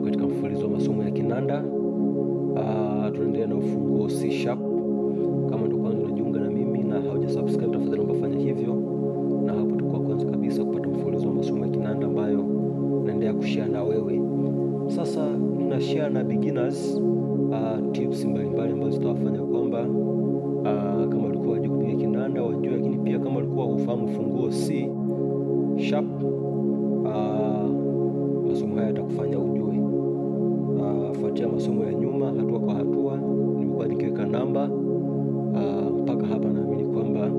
yangu katika mfululizo wa masomo ya kinanda. Uh, tunaendelea na ufunguo C sharp. Kama ndio kwanza unajiunga na mimi na hauja subscribe, tafadhali naomba fanya hivyo, na hapo utakuwa kwanza kabisa kupata mfululizo wa masomo ya kinanda ambayo naendelea kushare na wewe. Sasa nina share na beginners uh, tips mbalimbali ambazo zitawafanya kwamba uh, kama ulikuwa unajua kupiga kinanda wajue, lakini pia kama ulikuwa hufahamu funguo C sharp uh, masomo haya yatakufanya kupitia masomo ya nyuma, hatua kwa hatua nimekuwa nikiweka namba ah, mpaka hapa. Naamini kwamba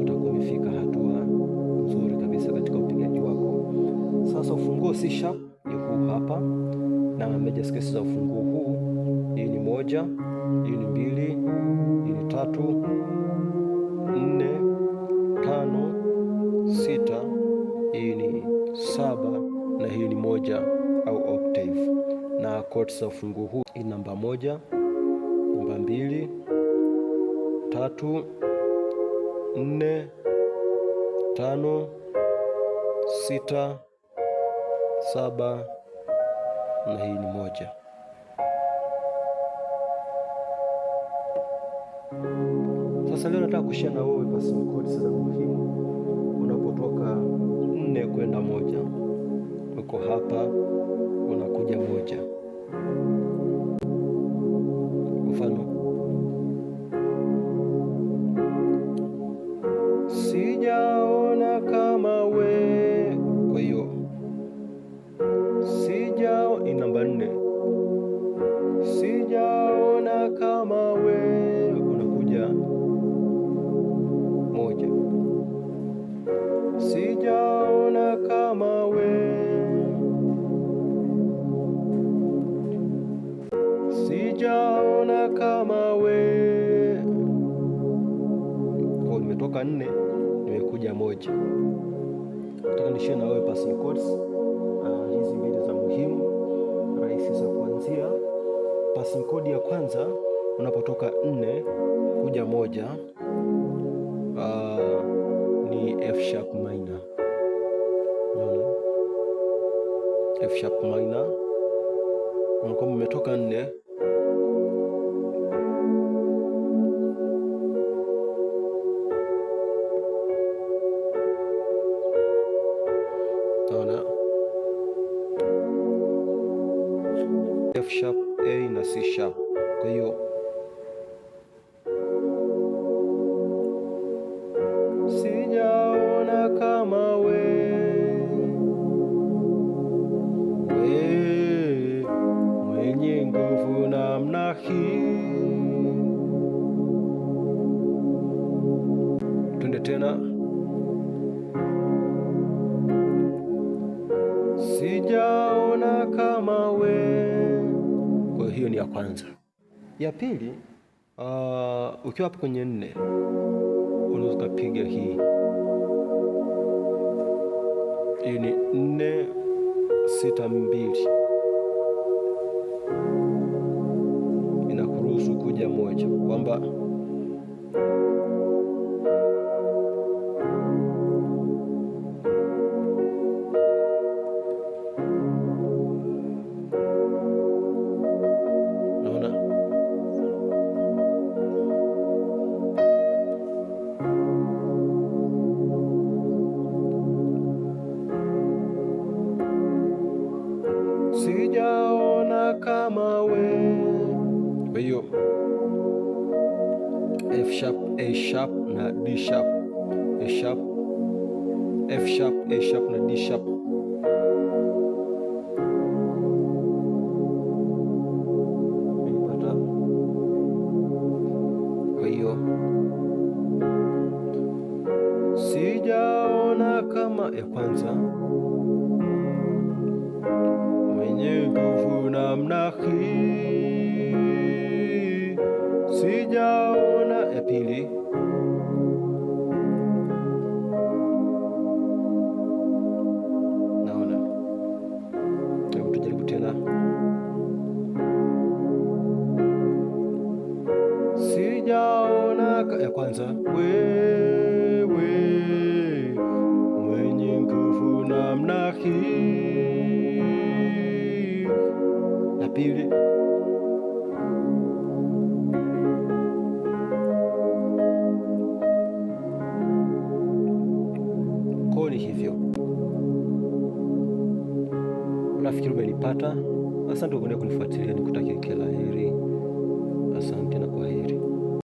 utakuwa umefika hatua nzuri kabisa katika upigaji wako. Sasa ufunguo C sharp ni huu hapa, na major scales za ufunguo huu, hii ni moja, hii ni mbili, hii ni tatu, nne, tano, sita, hii ni saba na hii ni moja na koti za ufungu huu ni namba moja, namba mbili, tatu, nne, tano, sita, saba na hii ni moja. Sasa leo nataka kushia na wewe basi codes za muhimu unapotoka nne kwenda moja. Uko hapa unakuja moja. sijaona kama we. Kwa hiyo sija ni namba nne, sijaona kama kutoka nne nimekuja moja. Nataka nishie na wewe passing chords ah, hizi mbili za muhimu rahisi za kuanzia. Passing chord ya kwanza unapotoka nne kuja moja uh, ni F sharp minor. Unaona? F sharp minor. Unakuwa umetoka nne C sharp. Kwa hiyo sijaona kama we mwenye nguvu namna hii kwanza. Ya pili, uh, ukiwa hapo kwenye nne unaweza kupiga hii. Hii ni nne sita mbili inakuruhusu kuja moja kwamba sijaona kama we. Kwa hiyo F sharp, A sharp na D sharp, A sharp, F sharp, A sharp na D sharp. sijaona kama ya kwanza na mnahi sijaona ya pili. Naona tujaribu tena, sijaona ya kwanza. Wewe mwenye nguvu namna hii beauty. Kwa hivyo, nafikiri umenipata. Asante kwa kunifuatilia, nikutakia kila heri.